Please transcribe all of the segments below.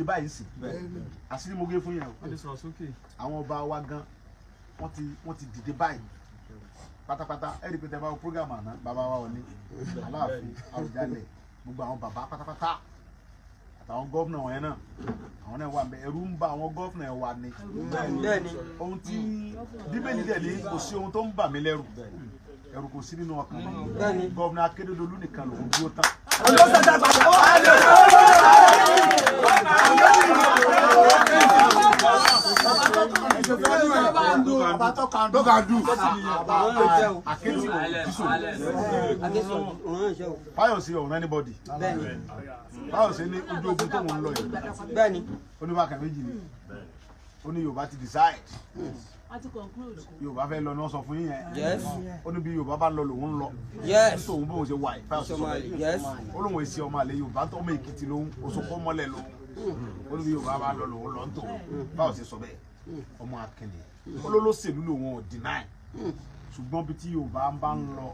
dìde báyìí sí àṣírí mo gé fún yẹn o àwọn ọba wa gan wọ́n ti wọ́n ti dìde báyìí pátápátá ẹ̀rí pé tẹ́lẹ̀ bá wọ program àná bàbá wa òní aláàfin àwùjalè gbogbo àwọn bàbá pátápátá àtàwọn gómìnà wọn yẹn náà àwọn náà wà mẹ ẹrú ń bà àwọn gómìnà yẹn wà ní. ohun tí bíbélì dẹ̀ ní kò sí ohun tó ń bà mí lẹ́rù ẹrù kò sí nínú ọkàn mi gómìnà nìkan lòún dúró tán. olùsọ̀tà bàbá wa lè fọ́ ọ́ Baba talk do. Talk and do. Akesu Jiso. Fáyọ̀sí ọ̀run anybody. Fáyọ̀sí ní ojú ogun tó ń lọ yìí. Bẹ́ẹ̀ni. Oníbàkà méjì ni. Ó ní Yorùbá ti decide. Yorùbá fẹ́ lọ ní wọ́n sọ fún yín yẹn. Ó ní bí Yorùbá bá lọ lòun ń lọ. Tòun bóun ṣe wà yìí. Fáyọ̀sí sọ bẹ́ẹ̀. Ó lóun èsì ọmọ àlè Yorùbá tó ọmọ Èkìtì lòun. Òṣogbo mọ́lẹ̀ lòun. Mm. Ó ní bí Yorùbá bá lọ lòun lọ́ntò. Mm. Fáyọ̀sí sọ bẹ́ẹ̀. Mm. Ọmọ akẹ́lẹ̀ olólóṣèlú lòun ò deny ṣùgbọ́n bí tí yorùbá ń bá ń lọ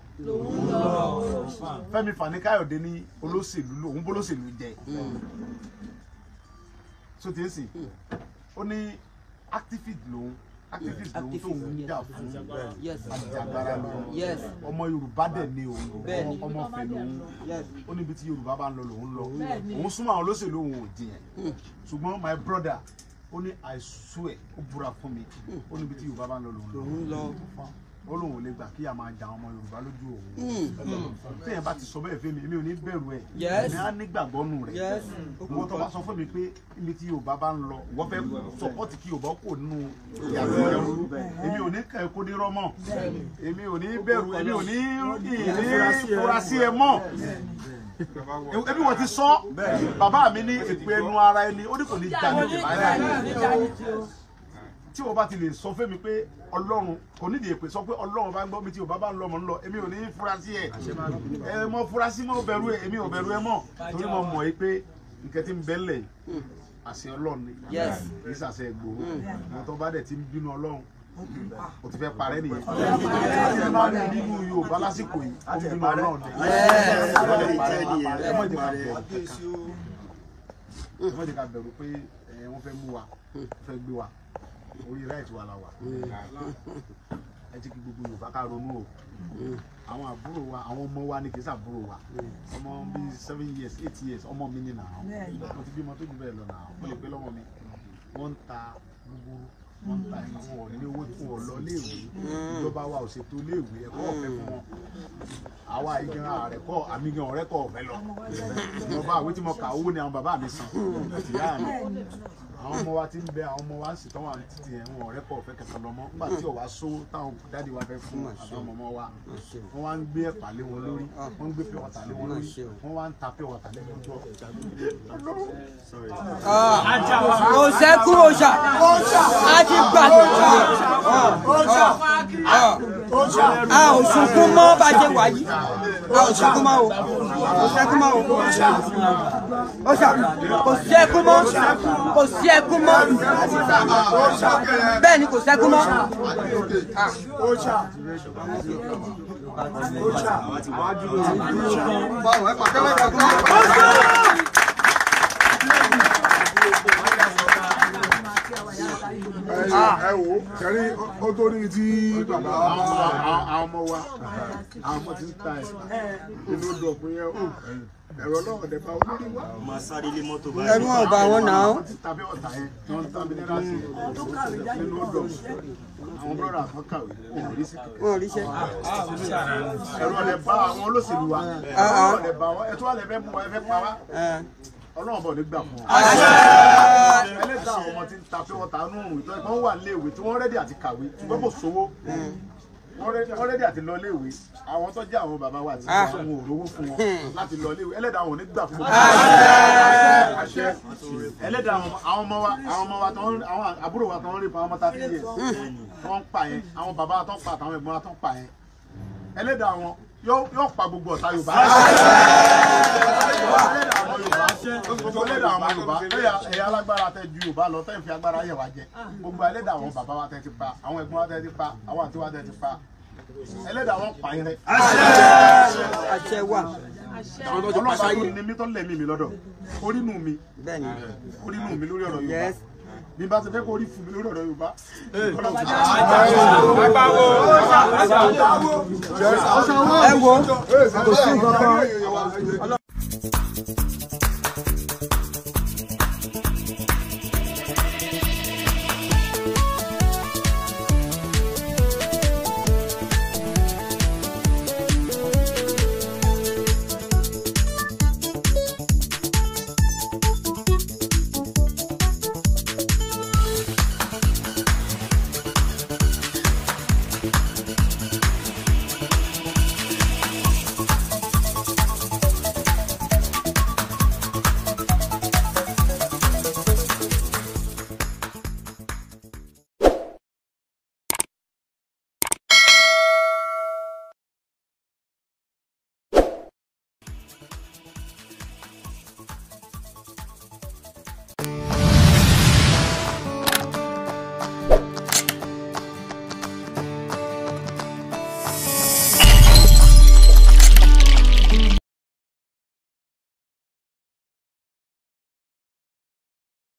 fẹ́mi fani káyọ̀dé ní olóṣèlú lòun bólóṣèlú jẹ so tí ń sìn ó ní activist lòun activist lòun tó ń jà fún àjàgbara lòun ọmọ yorùbá dẹ̀ ni òun ọmọ fẹ̀ lòun ó níbi tí yorùbá bá ń lọ lòun lọ òun súnmọ́ àwọn olóṣèlú òun ò jiyàn hmm. ṣùgbọ́n my brother ó ní I swear ó búra fún mi ó níbi tí yorùbá bá ń lọ lòun lọ ó lóun ò lè gbà kí a máa jà ọmọ yorùbá lójú òun hmm. téèyàn bá ti sọ bẹ́ẹ̀ fún mi èmi ò ní bẹ̀rù ẹ̀ èmi á nígbàgbọ́ nù rẹ̀ hmm. wọ́n tó bá sọ fún mi pé ibi tí yorùbá bá ń lọ wọ́n fẹ́ sọpọ́tì kí yorùbá kò nínú ìyàgbé ẹrú èmi ò ní kà ẹ́ kó ní rọ́mọ̀ èmi ò ní bẹ̀rù èmi ò ní fura ebi wọ́n ti sọ bàbá mi ní èpè ẹnu ara ẹni ó ní kò ní jà ní ìbáraẹni tí o bá ti lè sọ fún mi pé ọlọ́run kò nídìí èpè sọ pé ọlọ́run bá ń gbọ́ mi tí o bá bá ń lọ mọ̀ ń lọ èmi ò ní furasí ẹ̀ ẹ mọ furasí mọ bẹ̀rù èmi ò bẹ̀rù ẹ mọ̀ torí mo mọ̀ ẹ pé nǹkan ti ń bẹ́lẹ̀ àṣẹ ọlọ́run ni kì í ṣàṣẹ gbòó mo tó bá dẹ̀ ti ń bínú ọlọ́run o ti fẹ́ parẹ́ nìyẹn ẹ máa ní nínú Yorùbá lásìkò yìí ó ń bínú Ọlọ́run dẹ ẹ má jẹ́ ká bẹ̀rù ẹ má jẹ́ ká bẹ̀rù pé wọ́n fẹ́ mú wa wọ́n gbé wa orí right wa la wà ẹ jẹ́ kí gbogbo Yorùbá ká ronú o àwọn àbúrò wa àwọn ọmọ wa ni kì í sàbúrò wa ọmọ bíi seven years eight years ọmọ mi ni nà án mo ti bímọ tó ju bẹ́ẹ̀ lọ nà án mo lè pé lọ́mọ mi wọ́n ń ta gbogbo wọ́n ta ìwọ ní owó tó wọ̀ lọ léèwé ìjọba wa ò ṣètò léèwé ẹ̀kọ́ ọ̀fẹ́ fún wọn àwa ìgbìmọ̀ ààrẹ kọ́ àmì gan ọ̀rẹ́ kọ́ ọ̀fẹ́ lọ ìjọba àwọn tí mo kà owó ni àwọn bàbá mi san ìyá mi àwọn ọmọ wa ti ń bẹ àwọn ọmọ wa sì tán wà títí ẹ̀ wọn ọ̀rẹ́ pọ̀ fẹ́ kẹta lọ́mọ nígbà tí ọ̀wá só táwọn dáàdi wa fẹ́ fún àwọn ọmọ wa wọ́n wá ń gbé ẹ̀pà lé wọn lórí ah. wọ́n ń gbé pé ọ̀tà lé wọn lórí wọ́n wá ń ta pé ọ̀tà lé wọn jọ. kò sẹ́kù òòṣà á ti gbàdúrà òòṣà ah. a ò sunkún mọ́ bàjẹ́ wáyé a ò sunkún mọ́ o kò sẹ́kù mọ́ o ó ṣàkú kò sí ẹkú mọ́ kò sí ẹkú mọ́ bẹ́ẹ̀ ni kò sẹ́kú mọ́. ẹ wo kẹrí ó tó ní tí bàbá àwọn ọmọ wa àwọn ọmọ ti ń ta ẹ inú dọ̀pin ẹ̀rọ náà ọ̀dẹ̀ bá olórí wá. ọmọ sáré ilé mọ́tò báyìí. ẹnu ọba wọn náà. tàbí ọ̀tá yẹn wọn ń tábí náírà sí nínú ọdọ àwọn bọ́lá àwọn kàwé wọn rí sí kàwé. wọn rí sẹ́. ẹ̀rọ ọ̀dẹ̀ bá àwọn olóṣèlú wa ah, ẹ̀tọ́ àlẹ́ ah. fẹ́ mú wa ẹ fẹ́ pa wá ah. ọlọ́run bọ̀ nígbà fún ọ. ẹlẹ́dàá ọmọ ti ń ta nù ìtọ́ ìpọ́n wà léèwé tí wọ́n rẹ́dí àti kàwé ṣùgbọ́n kò sówó wọ́n rẹ́dí àti lọ léèwé àwọn tó jẹ́ àwọn bàbá wa àti ah. àwọn òrówó fún wọn hmm. láti lọ léèwé ẹlẹ́dàá àwọn ò ní gbà fún wọn. àṣẹ ẹlẹ́dàá àwọn ọmọ wa àwọn ọmọ wa tó ń àwọn àbúrò wa tó ń rí pa ọmọ tá a fi yẹ wọ́n ń pa yẹn àwọn bàbá wa tó ń pa àtàwọn ẹ̀gbọ́n wa tó pa yẹn ẹlẹ́dàá wọn yóò pa gbogbo ọ̀tá yorùbá. ẹlẹ́dàá àwọn yorùbá gbogbo alágbára tẹ ju yorùbá lọ tẹ́ agbára yẹ̀ wá jẹ gbogbo ẹlẹ́dàá àwọn bàbá wa tẹ́ ti pa àwọn ẹ̀gbọ́n wa tẹ́ ti pa àwọn àti wa tẹ́ ti pa ẹlẹ́dàá wọn pa yẹn àṣẹ wa àwọn ni mi tó lẹ̀ mi lọ́dọ̀ orínú mi orínú mi lórí ọ̀rọ̀ yorùbá bí bá ti fẹ́ kó rí fún mi lórí ọ̀rọ̀ Yorùbá. àgbàwo ọ̀sàwọ̀ ẹ̀ wò kò sí nǹkan kan.